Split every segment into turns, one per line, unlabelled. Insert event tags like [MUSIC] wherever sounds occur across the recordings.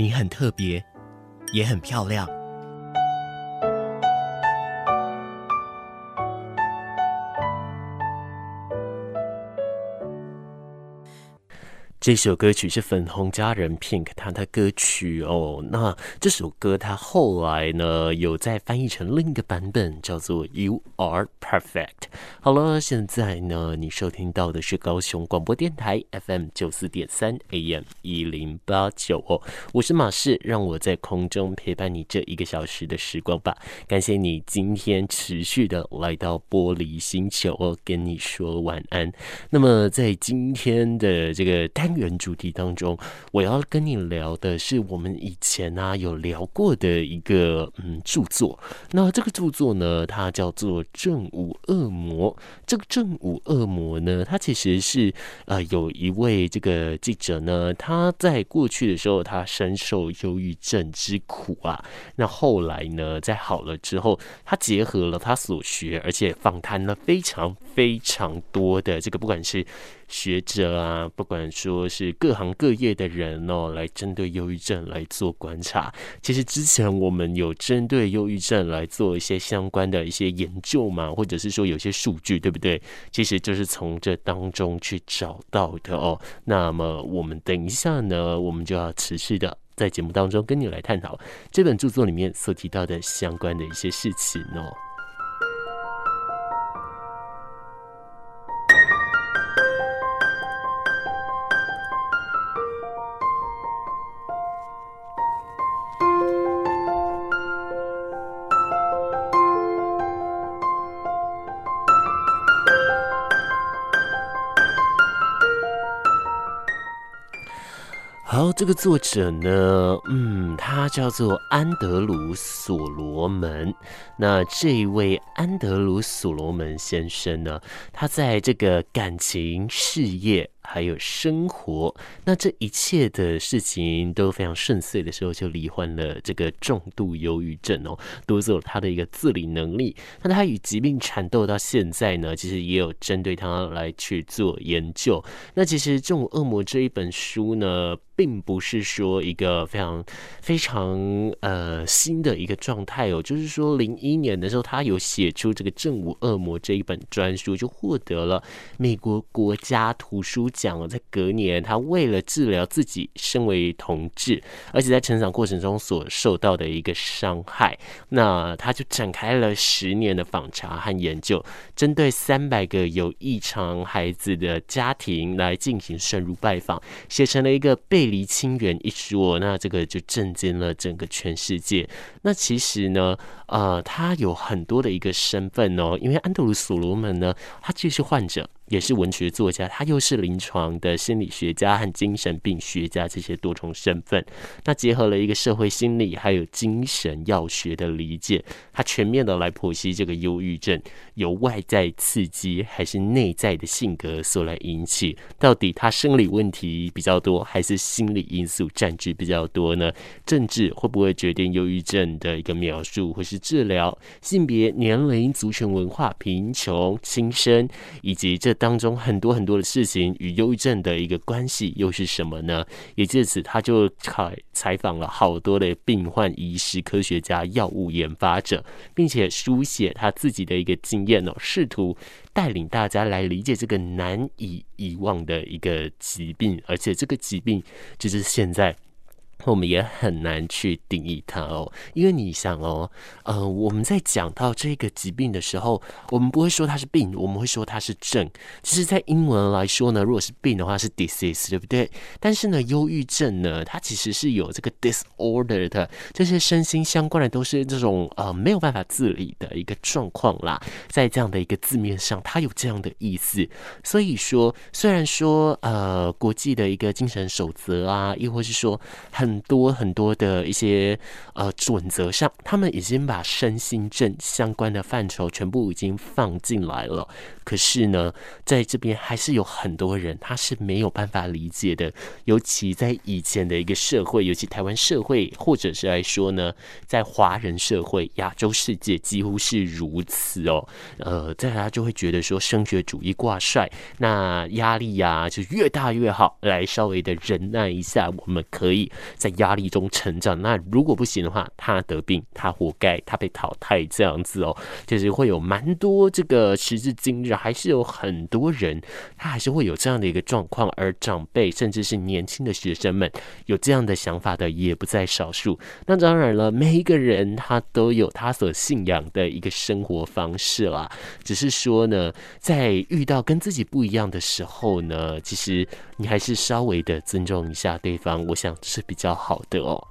你很特別，也很漂亮。這首歌曲是粉紅佳人 （Pink） 他的歌曲哦。那這首歌他後來呢有再翻譯成另一個版本，叫做《You Are Perfect》。好了，現在呢，你收聽到的是高雄廣播電台 FM 九四點三 AM 一零八九哦。我是馬仕，讓我在空中陪伴你這一個小時的時光吧。感謝你今天持續的來到玻璃星球，哦，跟你說晚安。那麼在今天的這個大。原主題當中，我要跟你聊的是我們以前呢、啊、有聊過的一個嗯著作。那這個著作呢，它叫做《正午惡魔》。這個《正午惡魔》呢，它其實是呃有一位這個記者呢，他在過去的時候他深受憂鬱症之苦啊。那後來呢，在好了之後，他結合了他所學，而且訪談了非常非常多的這個，不管是。學者啊，不管說是各行各業的人哦，來針對憂鬱症來做觀察。其實之前我們有針對憂鬱症來做一些相關的一些研究嘛，或者是說有些數據，對不對？其實就是從這當中去找到的哦。那麼我們等一下呢，我們就要持續的在節目當中跟你來探討這本著作裡面所提到的相關的一些事情哦。這個作者呢，嗯，他叫做安德魯·索羅門。那這一位安德魯·索羅門先生呢，他在這個感情、事業還有生活，那這一切的事情都非常順遂的時候，就罹患了這個重度憂鬱症哦，奪走了他的一個自理能力。那他與疾病纏鬥到現在呢，其實也有針對他來去做研究。那其實《正午惡魔》這一本書呢。並不是說一個非常非常呃新的一個狀態哦，就是說零一年的時候，他有寫出這個《正午惡魔》這一本專書，就獲得了美國國家圖書獎。在隔年，他為了治療自己身為同志而且在成長過程中所受到的一個傷害，那他就展開了十年的訪查和研究，針對三百個有異常孩子的家庭來進行深入拜訪，寫成了一個被。離清遠一說，那這個就震驚了整個全世界。那其實呢？呃，他有很多的一個身份哦，因為安德魯·索羅門呢，他既是患者，也是文學作家，他又是臨床的心理學家和精神病學家這些多重身份。那結合了一個社會心理還有精神藥學的理解，他全面的來剖析這個憂鬱症由外在刺激還是內在的性格所來引起，到底他生理問題比較多，還是心理因素佔據比較多呢？政治會不會決定憂鬱症的一個描述，或是？治療性別、年齡、族群、文化、貧窮、輕生，以及這當中很多很多的事情與憂鬱症的一個關係又是什麼呢？也借此，他就採採訪了好多的病患、醫師、科學家、藥物研發者，並且書寫他自己的一個經驗哦，試圖帶領大家來理解這個難以遺忘的一個疾病，而且這個疾病就是現在。我們也很難去定義它哦，因為你想哦，呃，我們在講到這個疾病的時候，我們不會說它是病，我們會說它是症。其實在英文來說呢，如果是病的話是 disease，對不對？但是呢，憂鬱症呢，它其實是有這個 disordered 的，這些身心相關的都是這種呃沒有辦法自理的一個狀況啦。在這樣的一個字面上，它有這樣的意思。所以說，雖然說呃，國際的一個精神守則啊，亦或是說很很多很多的一些呃準則上，他們已經把身心症相關的範疇全部已經放進來了。可是呢，在這邊還是有很多人他是沒有辦法理解的。尤其在以前的一個社會，尤其台灣社會，或者是來說呢，在華人社會、亞洲世界幾乎是如此哦。呃，大家就會覺得說，升學主義掛帥，那壓力呀、啊、就越大越好，來稍微的忍耐一下，我們可以。在壓力中成長，那如果不行的話，他得病，他活該，他被淘汰，這樣子哦，就是會有蠻多這個時至今日，還是有很多人，他還是會有這樣的一個狀況，而長輩甚至是年輕的學生們有這樣的想法的，也不在少數。那當然了，每一個人他都有他所信仰的一個生活方式啦，只是說呢，在遇到跟自己不一樣的時候呢，其實。你還是稍微的尊重一下對方，我想是比較好的哦。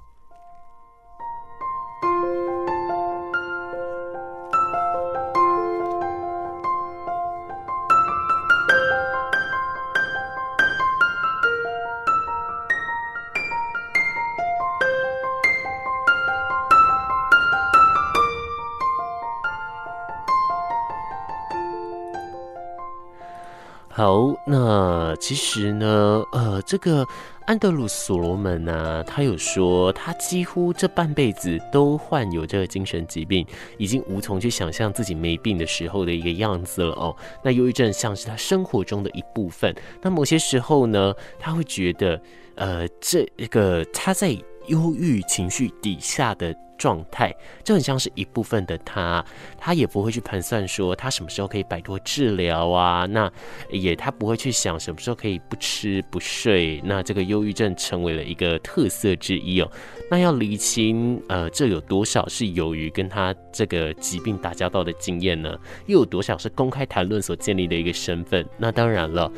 好，那其實呢，呃，這個安德魯所羅門呢、啊，他有說，他幾乎這半輩子都患有這個精神疾病，已經無從去想象自己沒病的時候的一個樣子了哦。那憂鬱症像是他生活中的一部分，那某些時候呢，他會覺得，呃，這一個他在。憂鬱情緒底下的狀態，就很像是一部分的他，他也不會去盤算說他什麼時候可以擺脫治療啊，那也他不會去想什麼時候可以不吃不睡，那這個憂鬱症成為了一個特色之一哦、喔。那要釐清，呃，這有多少是由於跟他這個疾病打交道的經驗呢？又有多少是公開談論所建立的一個身份？那當然了，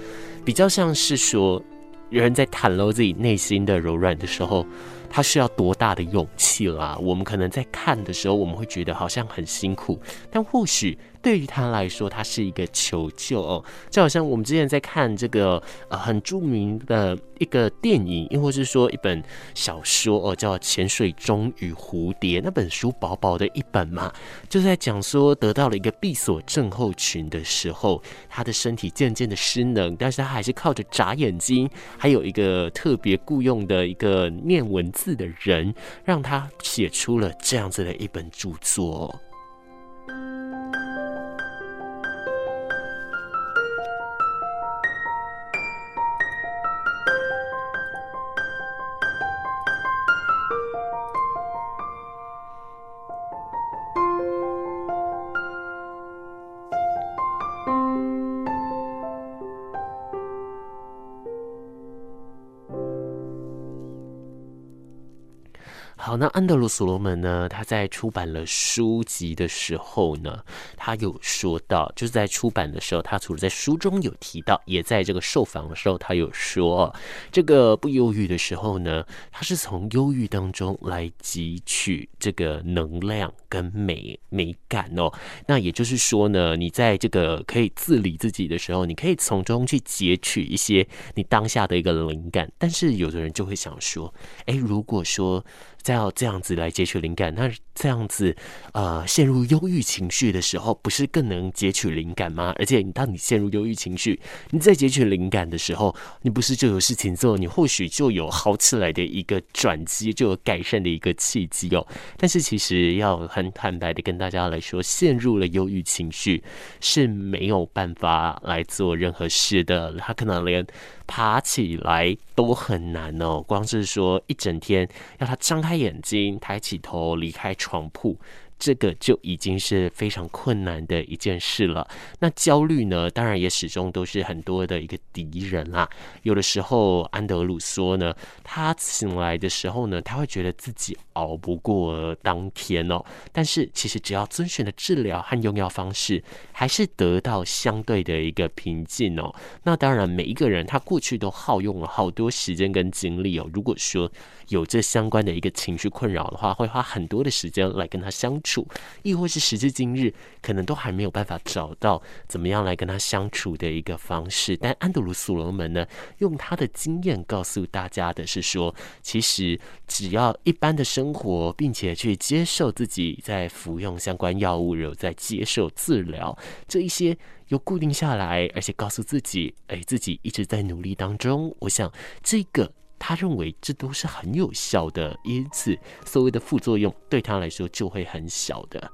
比較像是說人在袒露自己內心的柔軟的時候。他是要多大的勇氣了啊？我們可能在看的時候，我們會覺得好像很辛苦，但或許。對於他來說，他是一個求救哦，就好像我們之前在看這個呃很著名的一個電影，亦或是說一本小說哦，叫《潛水鐘與蝴蝶》那本書，薄薄的一本嘛，就在講說得到了一個閉鎖症候群的時候，他的身體漸漸的失能，但是他還是靠着眨眼睛，還有一個特別雇用的一個念文字的人，讓他寫出了這樣子的一本著作哦。安德魯·所羅門呢，他在出版了書籍的時候呢，他有說到，就是在出版的時候，他除了在書中有提到，也在這個受訪的時候，他有說，這個不憂鬱的時候呢，他是從憂鬱當中來汲取這個能量跟美美感哦。那也就是說呢，你在這個可以自理自己的時候，你可以從中去截取一些你當下的一個靈感。但是有的人就會想說，哎、欸，如果說在要這樣子來截取靈感，那這樣子啊、呃，陷入憂鬱情緒的時候，不是更能截取靈感嗎？而且，當你陷入憂鬱情緒，你在截取靈感的時候，你不是就有事情做？你或許就有好起來的一個轉機，就有改善的一個契機哦、喔。但是，其實要很坦白的跟大家來說，陷入了憂鬱情緒是沒有辦法來做任何事的。他可能連爬起來都很難哦、喔，光是說一整天要他張開眼睛、抬起頭、離開床鋪。這個就已經是非常困難的一件事了。那焦慮呢，當然也始終都是很多的一個敵人啦、啊。有的時候，安德魯說呢，他醒來的時候呢，他會覺得自己熬不過當天哦。但是其實只要遵循的治療和用藥方式，還是得到相對的一個平靜哦。那當然，每一個人他過去都耗用了好多時間跟精力哦。如果說，有這相關的一個情緒困擾的話，會花很多的時間來跟他相處，亦或是時至今日，可能都還沒有辦法找到怎麼樣來跟他相處的一個方式。但安德魯所羅門呢，用他的經驗告訴大家的是說，其實只要一般的生活，並且去接受自己在服用相關藥物，有在接受治療這一些，又固定下來，而且告訴自己，哎，自己一直在努力當中。我想這個。他認為這都是很有效的，因此所謂的副作用對他來說就會很小的。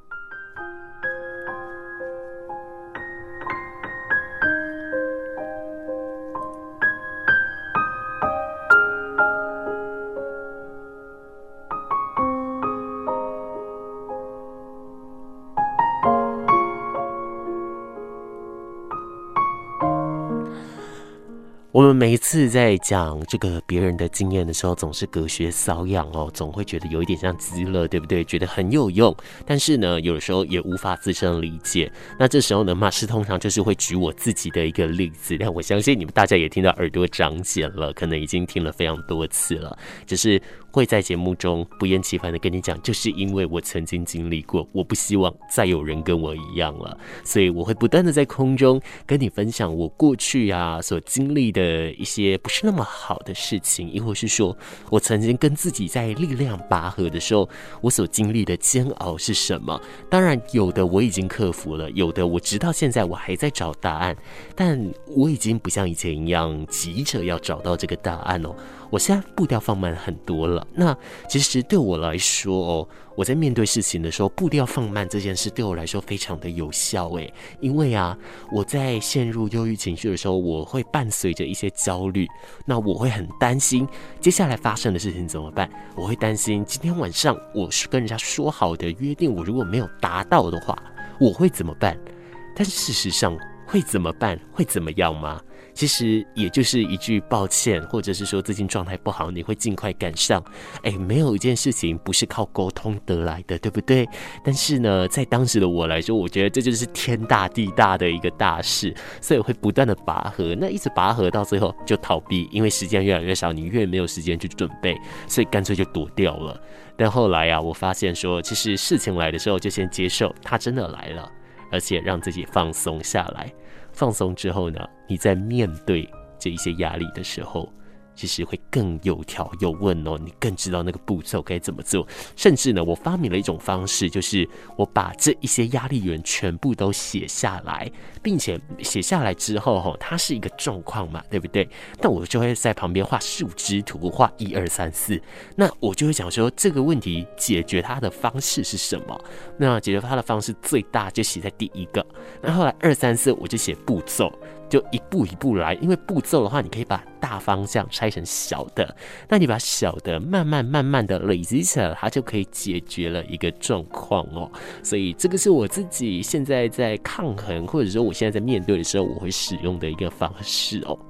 我們每一次在講這個別人的經驗的時候，總是隔靴搔癢哦，總會覺得有一點像雞肋，對不對？覺得很有用，但是呢，有時候也無法自身理解。那這時候呢，馬斯通常就是會舉我自己的一個例子。但我相信你們大家也聽到耳朵長繭了，可能已經聽了非常多次了，就是。會在節目中不厭其煩的跟你講，就是因為我曾經經歷過，我不希望再有人跟我一樣了，所以我會不斷的在空中跟你分享我過去啊所經歷的一些不是那麼好的事情，亦或是說我曾經跟自己在力量拔河的時候，我所經歷的煎熬是什麼？當然，有的我已經克服了，有的我直到現在我還在找答案，但我已經不像以前一樣急着要找到這個答案哦。我現在步調放慢很多了。那其實對我來說哦，我在面對事情的時候，步調放慢這件事對我來說非常的有效誒。因為啊，我在陷入憂鬱情緒的時候，我會伴隨着一些焦慮。那我會很擔心接下來發生的事情怎麼辦？我會擔心今天晚上我是跟人家說好的約定，我如果沒有達到的話，我會怎麼辦？但是事實上會怎麼辦？會怎麼樣嗎？其實也就是一句抱歉，或者是說最近狀態不好，你會盡快趕上。誒，沒有一件事情不是靠溝通得來的，對不對？但是呢，在當時的我來說，我覺得這就是天大地大的一個大事，所以我會不斷的拔河，那一直拔河到最後就逃避，因為時間越來越少，你越沒有時間去準備，所以乾脆就躲掉了。但後來呀、啊，我發現說，其實事情來的時候就先接受，它真的來了，而且讓自己放鬆下來。放鬆之後呢，你在面對這一些壓力的時候，其實會更有條有問哦，你更知道那個步驟該怎麼做。甚至呢，我發明了一種方式，就是我把這一些壓力源全部都寫下來，並且寫下來之後，它是一個狀況嘛，對不對？那我就會在旁邊畫樹枝圖，畫一二三四。那我就會講說，這個問題解決它的方式是什麼？那解決它的方式最大就寫在第一個。那後來二三四，我就寫步驟。就一步一步來，因為步驟的話，你可以把大方向拆成小的，那你把小的慢慢慢慢的累積起來，它就可以解決了一個狀況哦。所以這個是我自己現在在抗衡，或者說我現在在面對的時候，我會使用的一個方式哦、喔。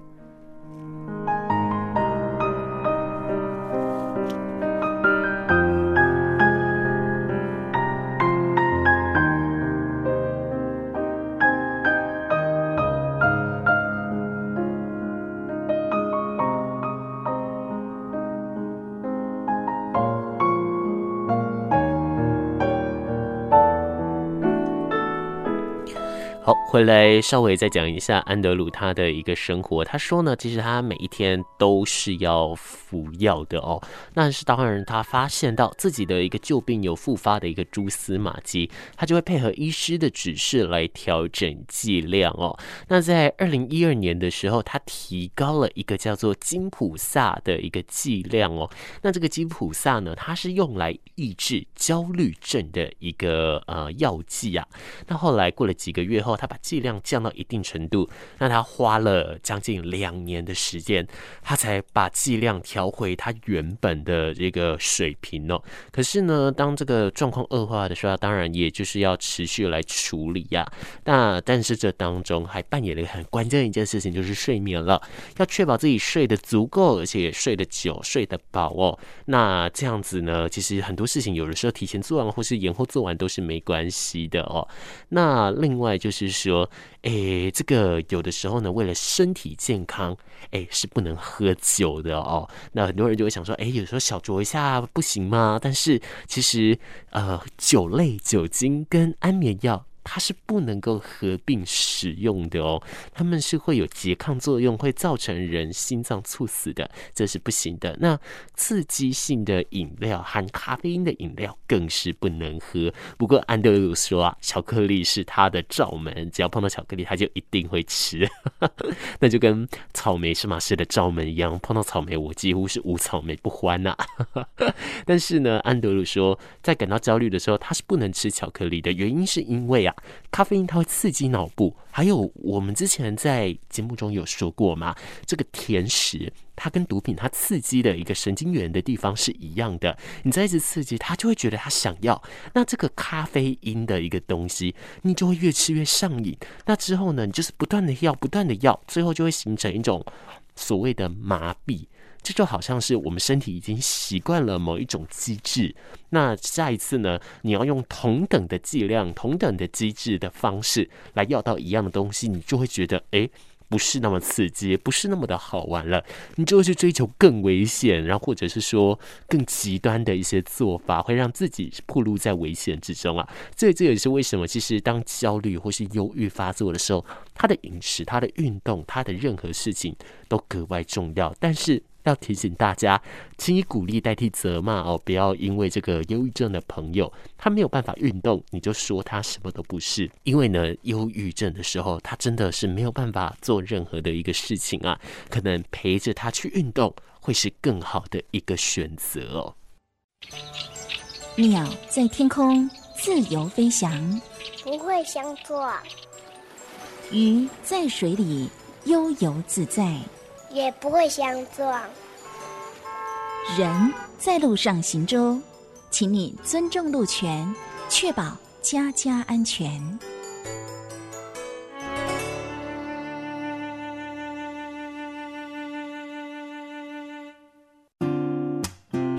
回來稍微再講一下安德魯他的一個生活。他說呢，其實他每一天都是要服藥的哦。那是當然，他發現到自己的一個舊病有復發的一個蛛絲馬跡，他就會配合醫師的指示來調整劑量哦。那在二零一二年的時候，他提高了一個叫做金普薩的一個劑量哦。那這個金普薩呢，它是用來抑制焦慮症的一個呃藥劑啊。那後來過了幾個月後，他把劑量降到一定程度，那他花了將近兩年的時間，他才把劑量調回他原本的這個水平哦、喔。可是呢，當這個狀況惡化的時候，當然也就是要持續來處理呀、啊。那但是這當中還扮演了一個很關鍵的一件事情，就是睡眠了，要確保自己睡得足夠，而且也睡得久、睡得飽哦、喔。那這樣子呢，其實很多事情有的時候提前做完或是延後做完都是沒關係的哦、喔。那另外就是是。說，哎，這個有的時候呢，為了身體健康，哎，是不能喝酒的哦。那很多人就會想說，哎，有時候小酌一下不行嗎？但是其實，呃，酒類、酒精跟安眠藥。它是不能夠合併使用的哦，他們是會有拮抗作用，會造成人心臟猝死的，這是不行的。那刺激性的飲料，含咖啡因的飲料更是不能喝。不過，安德魯說啊，巧克力是他的罩門，只要碰到巧克力，他就一定會吃。 [LAUGHS] 那就跟草莓是馬氏的罩門一樣，碰到草莓，我幾乎是無草莓不歡吶、啊。 [LAUGHS] 但是呢，安德魯說，在感到焦慮的時候，他是不能吃巧克力的，原因是因為啊。咖啡因，它會刺激腦部，還有我們之前在節目中有說過嘛，這個甜食它跟毒品它刺激的一個神經元的地方是一樣的，你再一直刺激它就會覺得它想要，那這個咖啡因的一個東西，你就會越吃越上癮，那之後呢，你就是不斷的要，不斷的要，最後就會形成一種所謂的麻痹。這就,就好像是我們身體已經習慣了某一種機制，那下一次呢？你要用同等的劑量、同等的機制的方式來要到一樣的東西，你就會覺得哎、欸，不是那麼刺激，不是那麼的好玩了。你就會去追求更危險，然後或者是說更極端的一些做法，會讓自己暴露在危險之中啊。所以，這這也是為什麼，其實當焦慮或是憂鬱發作的時候，他的飲食、他的運動、他的任何事情都格外重要，但是。要提醒大家，請以鼓勵代替責罵哦！不要因為這個憂鬱症的朋友他沒有辦法運動，你就說他什麼都不是。因為呢，憂鬱症的時候，他真的是沒有辦法做任何的一個事情啊。可能陪着他去運動，會是更好的一個選擇哦。鳥在天空自由飛翔，不會相撞。魚在水裡悠游自在。也不會相撞。人在路上行舟，請你尊重路權，確保家家安全。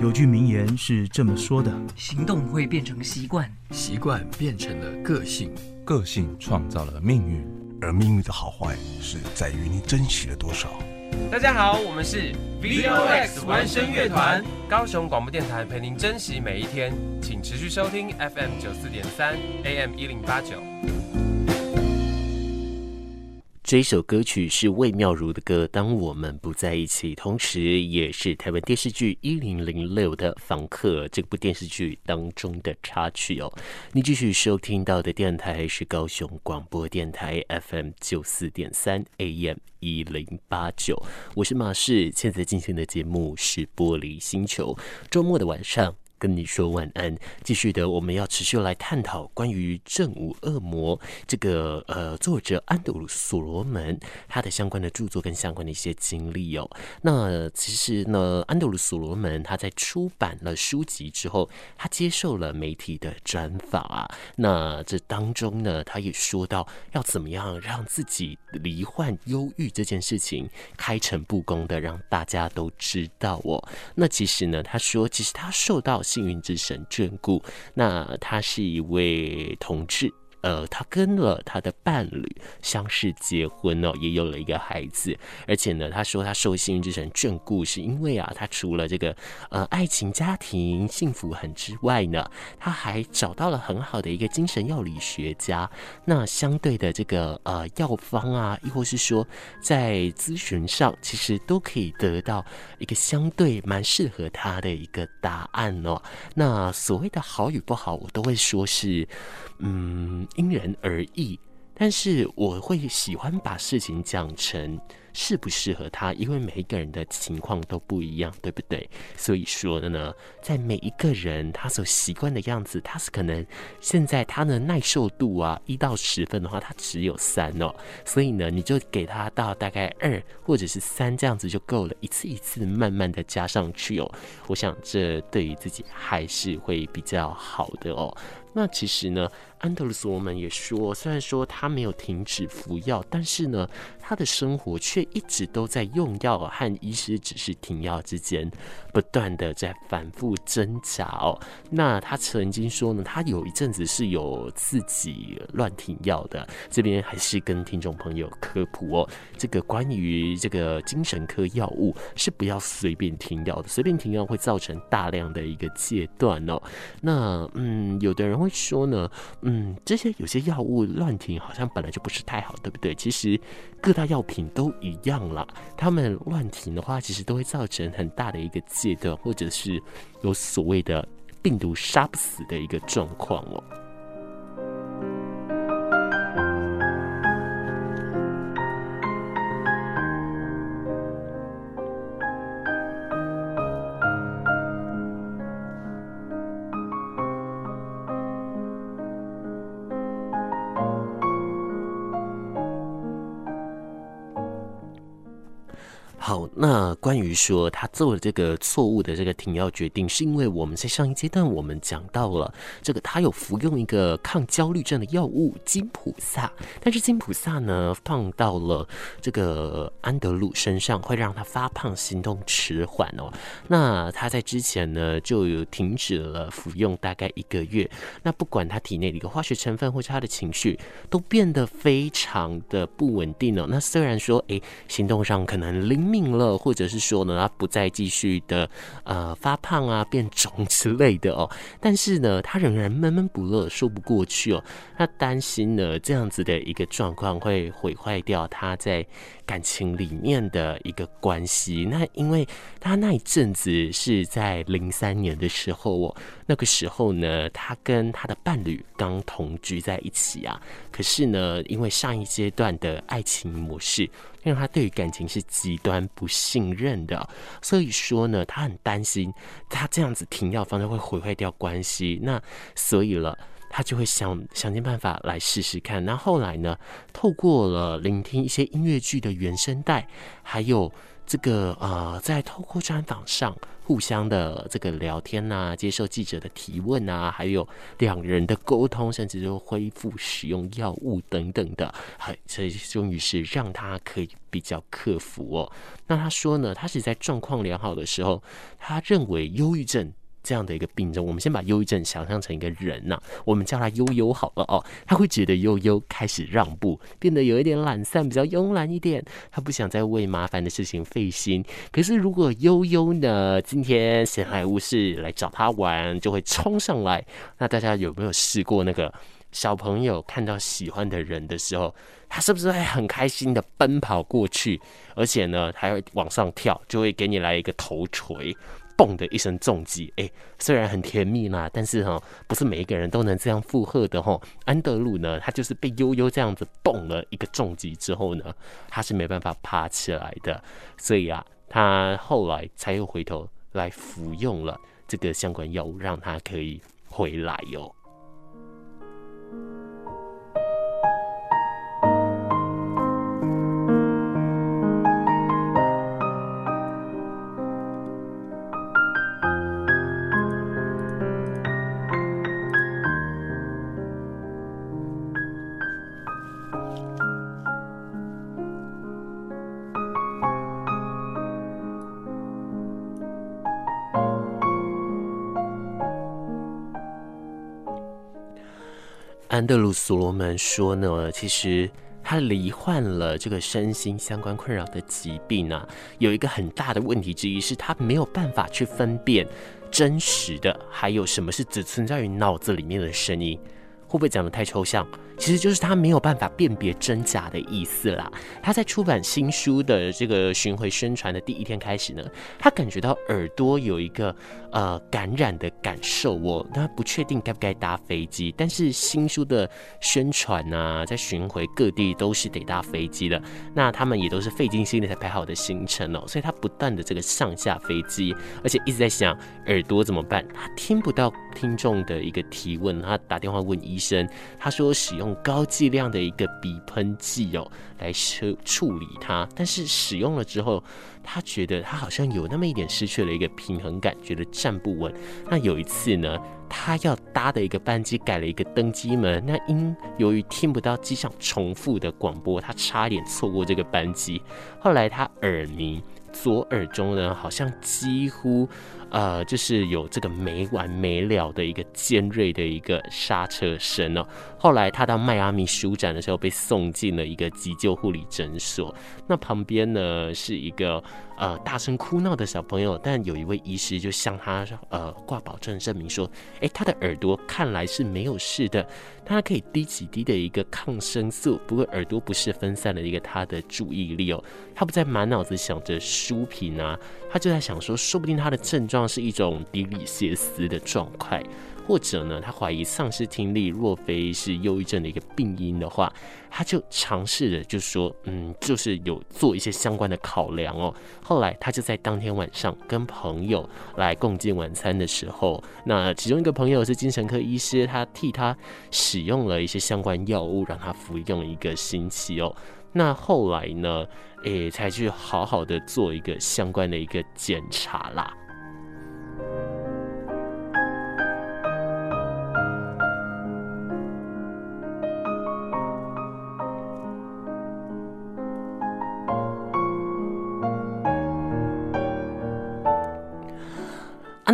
有句名言是這麼說的：“行動會變成習慣，習慣變成了個性，個性創造了命運。而命運的好壞，是在於你珍惜了多少。”大家好，我們是 VOX 玩聲樂團，高雄廣播電台陪您珍惜每一天，請持續收聽 FM 九四點三，AM 一零八九。這一首歌曲是魏妙如的歌《當我們不在一起》，同時也是台灣電視劇《一零零六的房客》這部電視劇當中的插曲哦。你繼續收聽到的電台是高雄廣播電台 FM 九四點三 AM 一零八九，我是馬仕，現在進行的節目是《玻璃星球》，周末的晚上。跟你說晚安。繼續的，我們要持續來探討關於正午惡魔這個呃作者安德魯所羅門他的相關的著作跟相關的一些經歷哦。那其實呢，安德魯所羅門他在出版了書籍之後，他接受了媒體的專訪啊。那這當中呢，他也說到要怎麼樣讓自己罹患憂鬱這件事情，開誠布公的讓大家都知道哦。那其實呢，他說其實他受到幸運之神眷顧，那他是一位同志。呃，他跟了他的伴侶相識、結婚哦，也有了一個孩子。而且呢，他說他受幸運之神眷顧，是因為啊，他除了這個呃愛情、家庭幸福很之外呢，他還找到了很好的一個精神藥理學家。那相對的這個呃藥方啊，亦或是說在諮詢上，其實都可以得到一個相對蠻適合他的一個答案哦。那所謂的好與不好，我都會說是，嗯。因人而異，但是我會喜歡把事情講成適不適合他，因為每一個人的情況都不一樣，對不對？所以說呢，在每一個人他所習慣的樣子，他是可能現在他的耐受度啊，一到十分的話，他只有三哦，所以呢，你就給他到大概二或者是三這樣子就夠了，一次一次慢慢的加上去哦。我想這對於自己還是會比較好的哦。那其實呢，安德魯索我們也說，雖然說他沒有停止服藥，但是呢，他的生活卻一直都在用藥和醫師只是停藥之間不斷的在反覆掙扎哦、喔。那他曾經說呢，他有一陣子是有自己亂停藥的。這邊還是跟聽眾朋友科普哦、喔，這個關於這個精神科藥物是不要隨便停藥的，隨便停藥會造成大量的一個戒斷哦。那嗯，有的人會說呢，嗯，這些有些藥物亂停，好像本來就不是太好，對不對？其實各大藥品都一樣啦，他們亂停的話，其實都會造成很大的一個戒斷，或者是有所謂的病毒殺不死的一個狀況哦。比如說，他做了這個錯誤的這個停藥決定，是因為我們在上一階段我們講到了這個他有服用一個抗焦慮症的藥物金普薩，但是金普薩呢放到了這個安德魯身上，會讓他發胖、行動遲緩哦。那他在之前呢就有停止了服用大概一個月，那不管他體內的一個化學成分或者他的情緒都變得非常的不穩定哦、喔。那雖然說哎、欸，行動上可能靈敏了，或者是說。呢，他不再繼續的呃發胖啊、變腫之類的哦、喔，但是呢，他仍然悶悶不樂，說不過去哦、喔。他擔心呢，這樣子的一個狀況會毀壞掉他在。感情裡面的一個關係，那因為他那一陣子是在零三年的時候、喔，哦，那個時候呢，他跟他的伴侶剛同居在一起啊，可是呢，因為上一階段的愛情模式，讓他對於感情是極端不信任的，所以說呢，他很擔心他這樣子停藥反而會毀壞掉關係，那所以了。他就會想想盡辦法來試試看，那後來呢？透過了聆聽一些音樂劇的原聲帶，還有這個呃，在透過專訪上互相的這個聊天吶、啊，接受記者的提問吶、啊，還有兩人的溝通，甚至就恢復使用藥物等等的，還這終於是讓他可以比較克服哦、喔。那他說呢，他是在狀況良好的時候，他認為憂鬱症。這樣的一個病症，我們先把憂鬱症想象成一個人吶、啊，我們叫他悠悠好了哦、喔。他會覺得悠悠開始讓步，變得有一點懶散，比較慵懶一點。他不想再為麻煩的事情費心。可是如果悠悠呢，今天閒來無事來找他玩，就會衝上來。那大家有沒有試過那個小朋友看到喜歡的人的時候，他是不是會很開心的奔跑過去，而且呢，還會往上跳，就會給你來一個頭錘？蹦的一聲重擊，哎、欸，雖然很甜蜜啦，但是哈、喔，不是每一個人都能這樣附和的吼、喔，安德魯呢，他就是被悠悠這樣子蹦了一個重擊之後呢，他是沒辦法爬起來的，所以啊，他後來才又回頭來服用了這個相關藥物，讓他可以回來喲、喔。安德魯·所羅門說呢，其實他罹患了這個身心相關困擾的疾病啊，有一個很大的問題之一是，他沒有辦法去分辨真實的，還有什麼是只存在於腦子裡面的聲音，會不會講得太抽象？其實就是他沒有辦法辨別真假的意思啦。他在出版新書的這個巡回宣傳的第一天開始呢，他感覺到耳朵有一個呃感染的感受哦。他不確定該不該搭飛機，但是新書的宣傳啊，在巡回各地都是得搭飛機的。那他們也都是費盡心力才排好的行程哦，所以他不斷的這個上下飛機，而且一直在想耳朵怎麼辦。他聽不到聽眾的一個提問，他打電話問醫生，他說使用。高劑量的一個鼻噴劑哦，來處理它。但是使用了之後，他覺得他好像有那麼一點失去了一個平衡感，覺得站不穩。那有一次呢，他要搭的一個班機改了一個登機門，那因由於聽不到機上重複的廣播，他差點錯過這個班機。後來他耳鳴，左耳中呢好像幾乎。呃，就是有這個沒完沒了的一個尖銳的一個剎車聲哦、喔。後來他到邁阿密書展的時候，被送進了一個急救護理診所。那旁邊呢是一個呃大聲哭鬧的小朋友，但有一位醫師就向他呃掛保證證明說，哎、欸，他的耳朵看來是沒有事的，他可以滴幾滴的一個抗生素。不過耳朵不是分散了一個他的注意力哦、喔，他不再滿腦子想着書評啊，他就在想說，說不定他的症狀。是一種低里歇斯的狀態，或者呢，他懷疑喪失聽力若非是憂鬱症的一個病因的話，他就嘗試着，就說，嗯，就是有做一些相關的考量哦、喔。後來他就在當天晚上跟朋友來共進晚餐的時候，那其中一個朋友是精神科醫師，他替他使用了一些相關藥物，讓他服用一個星期哦、喔。那後來呢，誒、欸，才去好好的做一個相關的一個檢查啦。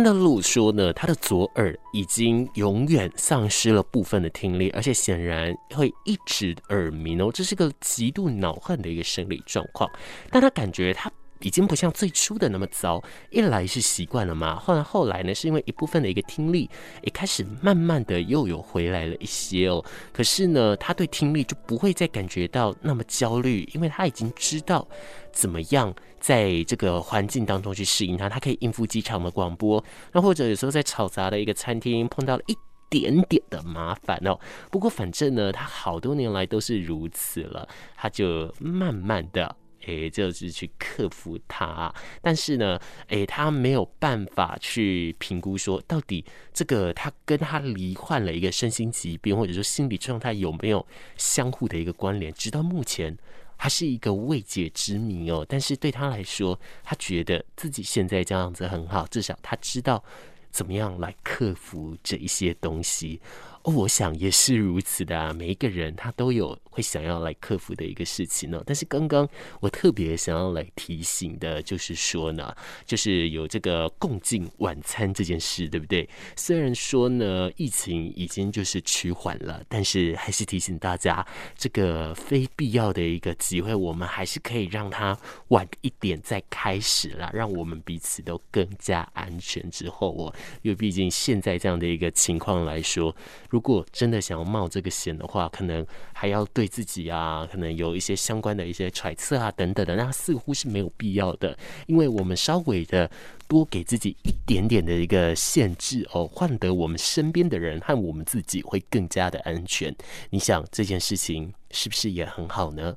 那露說呢，他的左耳已經永遠喪失了部分的聽力，而且顯然會一直耳鳴哦，這是個極度惱恨的一個生理狀況，但他感覺他。已經不像最初的那麼糟，一來是習慣了嘛，後後來呢，是因為一部分的一個聽力也開始慢慢的又有回來了一些哦。可是呢，他對聽力就不會再感覺到那麼焦慮，因為他已經知道怎麼樣在這個環境當中去適應他，他可以應付機場的廣播，那或者有時候在吵雜的一個餐廳碰到了一點點的麻煩哦。不過反正呢，他好多年來都是如此了，他就慢慢的。哎、欸，就是去克服他，但是呢，誒、欸，他沒有辦法去評估說，到底這個他跟他罹患了一個身心疾病，或者說心理狀態有沒有相互的一個關聯，直到目前還是一個未解之謎哦。但是對他來說，他覺得自己現在這樣子很好，至少他知道怎麼樣來克服這一些東西。哦，我想也是如此的啊，每一個人他都有會想要來克服的一個事情呢、喔，但是剛剛我特別想要來提醒的，就是說呢，就是有這個共進晚餐這件事，對不對？雖然說呢，疫情已經就是趨緩了，但是還是提醒大家，這個非必要的一個機會，我們還是可以讓它晚一點再開始啦，讓我們彼此都更加安全。之後、喔，因為畢竟現在這樣的一個情況來說，如果真的想要冒這個險的話，可能還要對。自己啊，可能有一些相關的一些揣測啊，等等的，那似乎是沒有必要的。因為我們稍微的多給自己一點點的一個限制哦，換得我們身邊的人和我們自己會更加的安全。你想，這件事情是不是也很好呢？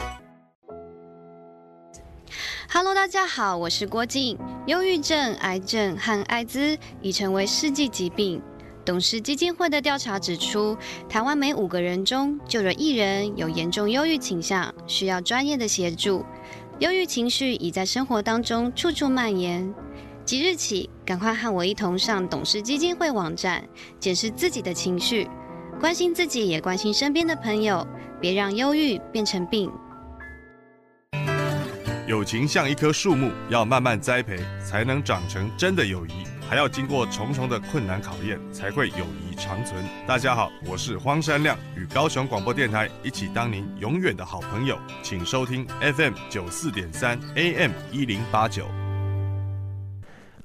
哈嘍，大家好，我是郭靜。憂鬱症、癌症和艾滋已成為世紀疾病。董氏基金會的調查指出，台灣每五個人中就有一人有嚴重憂鬱傾向，需要專業的協助。憂鬱情緒已在生活當中處處蔓延。即日起，趕快和我一同上董氏基金會網站檢視自己的情緒，關心自己也關心身邊的朋友，別讓憂鬱變成病。友情像一棵樹木，要慢慢栽培，才能長成真的友誼。還要經過重重的困難考驗，才會友誼長存。大家好，我是荒山亮，與高雄廣播電台一起當您永遠的好朋友。請收聽 FM 九四點三 AM 一零八九。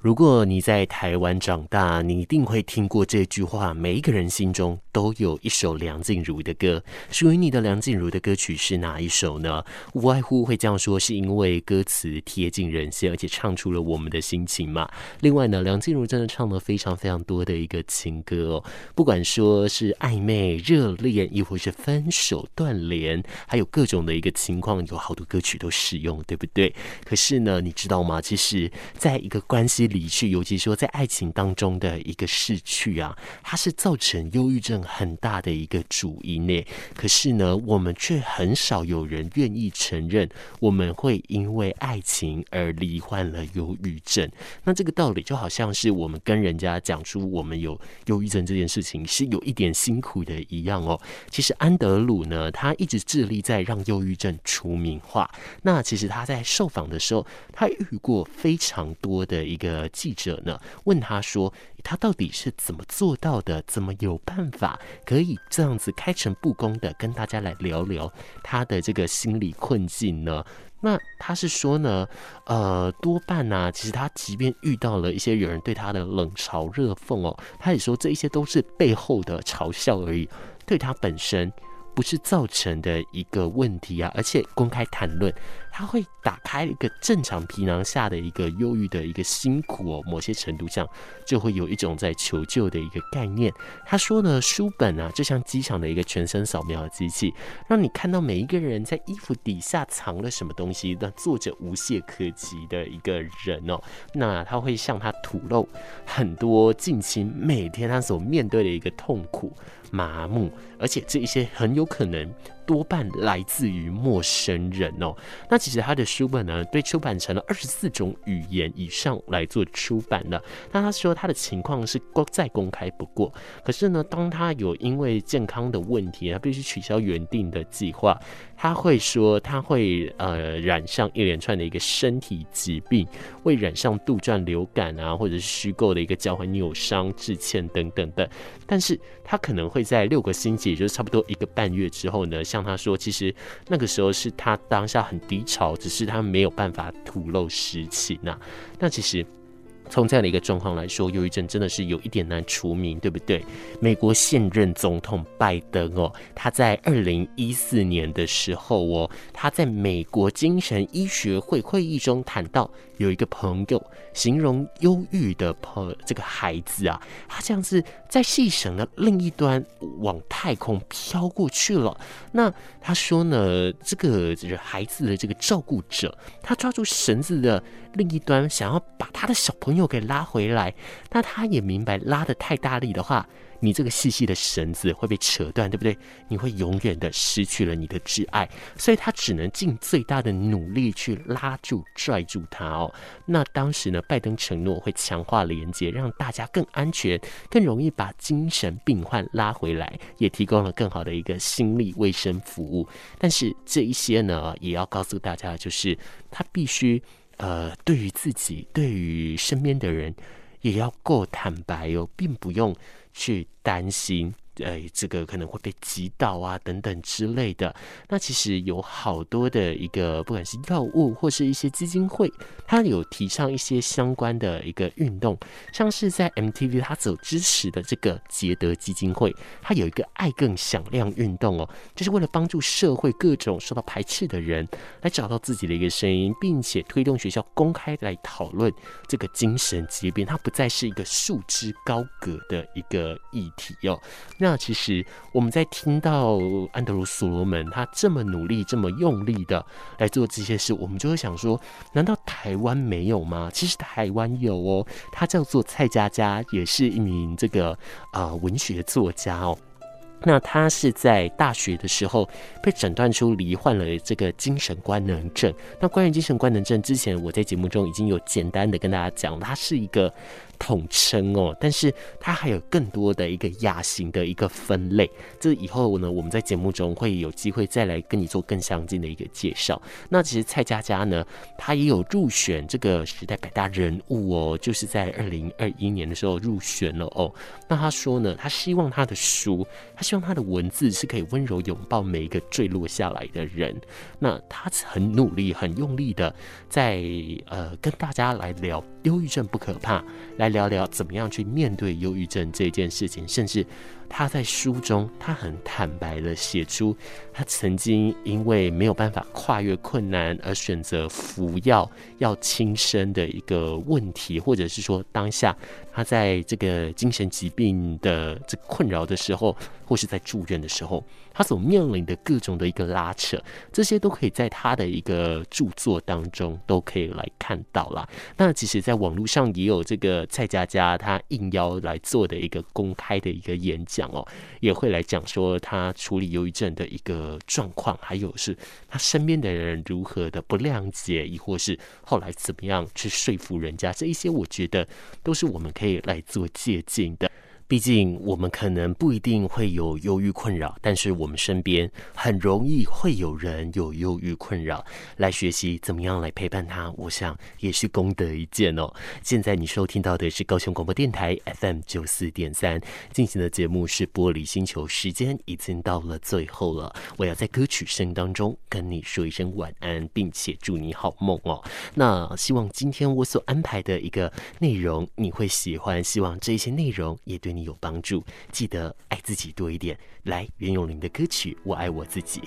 如果你在台灣長大，你一定會聽過這句話。每一個人心中都有一首梁靜茹的歌。屬於你的梁靜茹的歌曲是哪一首呢？無外乎會這樣說，是因為歌詞貼近人心，而且唱出了我們的心情嘛。另外呢，梁靜茹真的唱了非常非常多的一個情歌哦，不管說是曖昧、熱戀，亦或是分手、斷聯，還有各種的一個情況，有好多歌曲都適用，對不對？可是呢，你知道嗎？其實在一個關係裡。離去，尤其說在愛情當中的一個逝去啊，它是造成憂鬱症很大的一個主因呢。可是呢，我們卻很少有人願意承認，我們會因為愛情而罹患了憂鬱症。那這個道理就好像是我們跟人家講出我們有憂鬱症這件事情是有一點辛苦的一樣哦、喔。其實安德魯呢，他一直致力在讓憂鬱症除名化。那其實他在受訪的時候，他遇過非常多的一個。呃，記者呢問他說，他到底是怎麼做到的？怎麼有辦法可以這樣子開誠佈公的跟大家來聊聊他的這個心理困境呢？那他是說呢，呃，多半呢、啊，其實他即便遇到了一些有人對他的冷嘲熱諷哦，他也說，這一些都是背後的嘲笑而已，對他本身。不是造成的一個問題啊，而且公開談論，他會打開一個正常皮囊下的一個憂鬱的一個辛苦哦。某些程度上，就會有一種在求救的一個概念。他說呢，書本啊，就像機場的一個全身掃描的機器，讓你看到每一個人在衣服底下藏了什麼東西。那作者無懈可擊的一個人哦，那他會向他吐露很多近期每天他所面對的一個痛苦。麻木，而且這一些很有可能，多半來自於陌生人哦、喔。那其實他的書本呢，被出版成了二十四種語言以上來做出版了。那他說他的情況是公再公開不過。可是呢，當他有因為健康的問題，他必須取消原定的計劃。他會說他會呃染上一連串的一個身體疾病，會染上杜撰流感啊，或者是虛構的一個腳踝、扭傷、致歉等等的。但是他可能會在六個星期，也就是差不多一個半月之後呢，讓他說，其實那個時候是他當下很低潮，只是他沒有辦法吐露實情啊。那，那其實。從這樣的一個狀況來說，憂鬱症真的是有一點難除名，對不對？美國現任總統拜登哦、喔，他在二零一四年的時候、喔，哦，他在美國精神醫學會會議中談到，有一個朋友形容憂鬱的朋這個孩子啊，他這樣子在細繩的另一端往太空飄過去了。那他說呢，這個孩子的這個照顧者，他抓住繩子的另一端，想要把他的小朋友。又給拉回來，那他也明白，拉得太大力的話，你這個細細的繩子會被扯斷，對不對？你會永遠的失去了你的摯愛，所以他只能盡最大的努力去拉住、拽住他哦。那當時呢，拜登承諾會強化連接，讓大家更安全，更容易把精神病患拉回來，也提供了更好的一個心理衛生服務。但是這一些呢，也要告訴大家，就是他必須。呃，對於自己，對於身邊的人，也要夠坦白哦，並不用去擔心。呃，這個可能會被擊倒啊，等等之類的。那其實有好多的一個，不管是藥物或是一些基金會，它有提倡一些相關的一個運動，像是在 MTV，它所支持的這個傑德基金會，它有一個愛更響亮運動哦，就是為了幫助社會各種受到排斥的人來找到自己的一個聲音，並且推動學校公開來討論這個精神疾病，它不再是一個束之高閣的一個議題哦。那其實我們在聽到安德魯索羅門他這麼努力，這麼用力的來做這些事，我們就會想說：難道台灣沒有嗎？其實台灣有哦，他叫做蔡佳佳，也是一名這個啊文學作家哦。那他是在大學的時候被診斷出罹患了這個精神官能症。那關於精神官能症，之前我在節目中已經有簡單的跟大家講，它是一個統稱哦，但是它還有更多的一個亞型的一個分類。這以後呢，我們在節目中會有機會再來跟你做更詳盡的一個介紹。那其實蔡佳佳呢，她也有入選這個時代百大人物哦，就是在二零二一年的時候入選了哦。那她說呢，她希望她的書，希望他的文字是可以溫柔擁抱每一個墜落下來的人。那他很努力、很用力的在，呃，跟大家來聊憂鬱症不可怕，來聊聊怎麼樣去面對憂鬱症這件事情，甚至。他在書中，他很坦白的寫出他曾經因為沒有辦法跨越困難而選擇服藥要輕生的一個問題，或者是說當下他在這個精神疾病的這困擾的時候，或是在住院的時候，他所面臨的各種的一個拉扯，這些都可以在他的一個著作當中都可以來看到啦。那其實，在網絡上也有這個蔡佳佳他應邀來做的一個公開的一個演講。講哦，也會來講說他處理憂鬱症的一個狀況，還有是他身邊的人如何的不諒解，亦或是後來怎麼樣去說服人家，這一些我覺得都是我們可以來做借鑒的。畢竟我們可能不一定會有憂鬱困擾，但是我們身邊很容易會有人有憂鬱困擾，來學習怎麼樣來陪伴他，我想也是功德一件哦。現在你收聽到的是高雄廣播電台 FM 九四點三進行的節目是《玻璃星球》，時間已經到了最後了，我要在歌曲聲當中跟你說一聲晚安，並且祝你好夢哦。那希望今天我所安排的一個內容你會喜歡，希望這一些內容也對你。你有幫助，記得愛自己多一點。來，袁詠琳的歌曲《我愛我自己》。